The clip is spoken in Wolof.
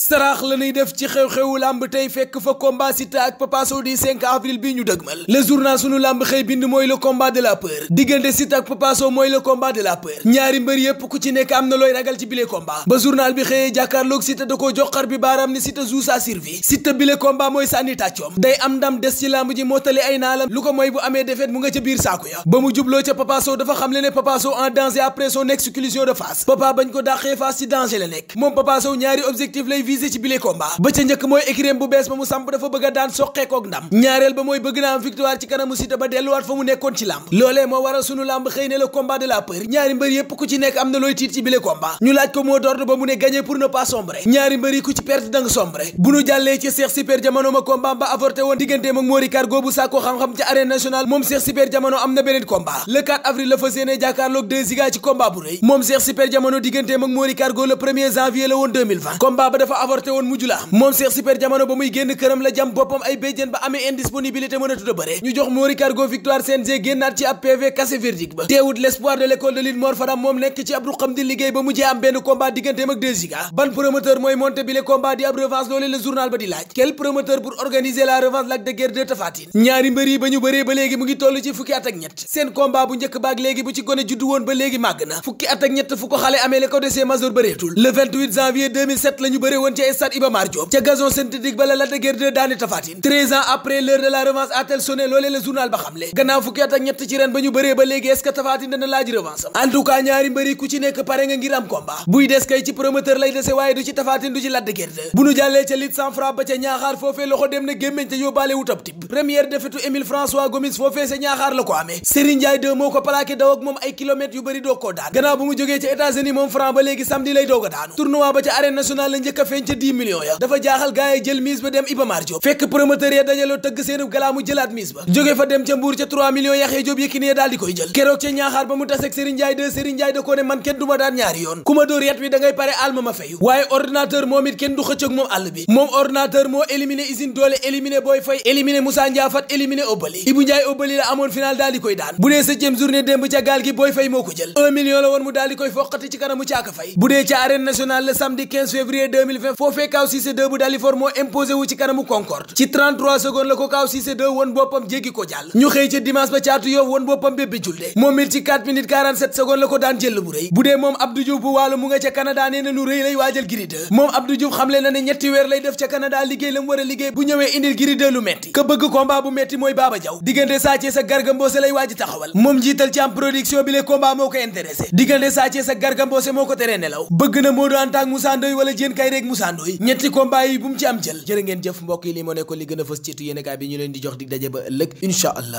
saraax la ñuy def ci xew xew lamb tey fekk fa combat Siteu ak Papa Sow di 5 avril bi ñu dëgmal le journal sunu lamb xëy bind mooy le combat de la peur diggante Siteu ak Papa Sow mooy le combat de la peur ñaari mbër yépp ku ci nekk am na looy ragal ci bile combat ba journal bi xëyee jàkkaarloog Siteu da koo joxar bi baaraam ni Siteu joue sa survie Siteu bile combat mooy sànni tàccoom day am ndam des ci lamb ji mottali ay naalam lu ko mooy bu amee défaite mu nga ca biir saaku ya ba mu jubloo ca Papa Sow dafa ne Papa Sow en danger après son exclusion de face Papa visé ci bile combat bu a mu nekkoon ci làmb loolee moo waral sunu làmb xëy ne le combat de la ne gagner pour ne pas sombrer nu jàllee ci Cheikh Super Jamono ma combat ba avorté woon digganteem ak Mori Cargo bu sàkkoo xam-xam ci arène nationale moom Cheikh Super Jamono am na beneen combat le 4 avril la fas yéene jàkkaarloog deux ziga ci combat bu rëy moom Cheikh Super Jamono digganteem ak Mori Cargo le 1 janvier la woon 2020 ba dafa avorté woon mujj la am moom Cheikh Super jamono ba muy génn këram la jam boppam ay béjjén ba amee indisponibilité mënatu da bëre ñu jox Mori Cargo Victoire CNG génnaat ci ab PV cassé verdict ba teewut l'espoir de l'école de l'île Mor Fadam moom nekk ci ab ruqam di liggéey ba mujjee am benn combat digganteem ak 2 ban promoteur mooy monté bi le di ab revanche loole le journal ba di laaj quel promoteur pour organiser la revanche Lac de Guiers woon ca stade Iba Mar ca gazon synthétique ba la Lac de Guiers 2 ans après l'heure de la revanche a-t-elle la journal ba xamle gannaaw fukki ak ñett ci ren ba ñu bëree ba léegi est-ce dana laaj revanche am en ñaari mbëri ku ci nekk pare nga ngir am combat buy des kay ci promoteur lay dese waaye du ci Tapha du ci Lac de bu nu jàllee ca lit sans frappe ba ca ñaaxaar foofee loxo dem na gémmeñ ca feeñ ca 10 ya dafa jaaxal gars yi jël mise ba dem Iba Mar Diop fekk promoteur ya dajaloo tëgg seenu galaa jëlaat mise ba jóge fa dem ca Mbuur ca 3 millions Yaxya Diop Yékini koy jël keroog ca ñaaxaar ba mu taseeg Serigne Ndiaye de Serigne Ndiaye da man kenn du daan ñaari yoon ku ma dóor yet wi da pare alma ma fayu waaye ordinateur moom it kenn du xëccoog moom àll bi moom ordinateur moo éliminé Isine Doole éliminé Boy Faye éliminé 2020 foofee Kaw Cissé 2 bu Dalifor moo imposé wu ci kanamu Concorde ci 33 secondes la ko Kaw Cissé 2 won boppam jéggi ko jàll ñu xëy ca dimanche ba caatu Yoff won boppam Bébé Diouldé moom it ci 4 minutes 47 secondes la ko daan jël bu rëy bu dee moom Abdou bu waalo mu nga ca Canada nee lu rëy lay waajal Gris moom Abdou xamle na ne ñetti weer lay def ca Canada liggéey la mu war a liggéey bu ñëwee indil Gris 2 lu metti ka bëgg combat bu metti mooy Baba Diaw diggante Sa Thiès ak taxawal moom ci am production bi le combat moo ko intéressé diggante Sa Thiès ak Garga bëgg na Modou Anta ak wala Diène Kairé Moussa Ndoye ñetti combat yi bu mu ci am jël jërë ngeen jëf mbokk yi li moo nekkoon li gën a fës ci tu yéenekaay bi ñu leen di jox dig daje ba ëllëg incha allah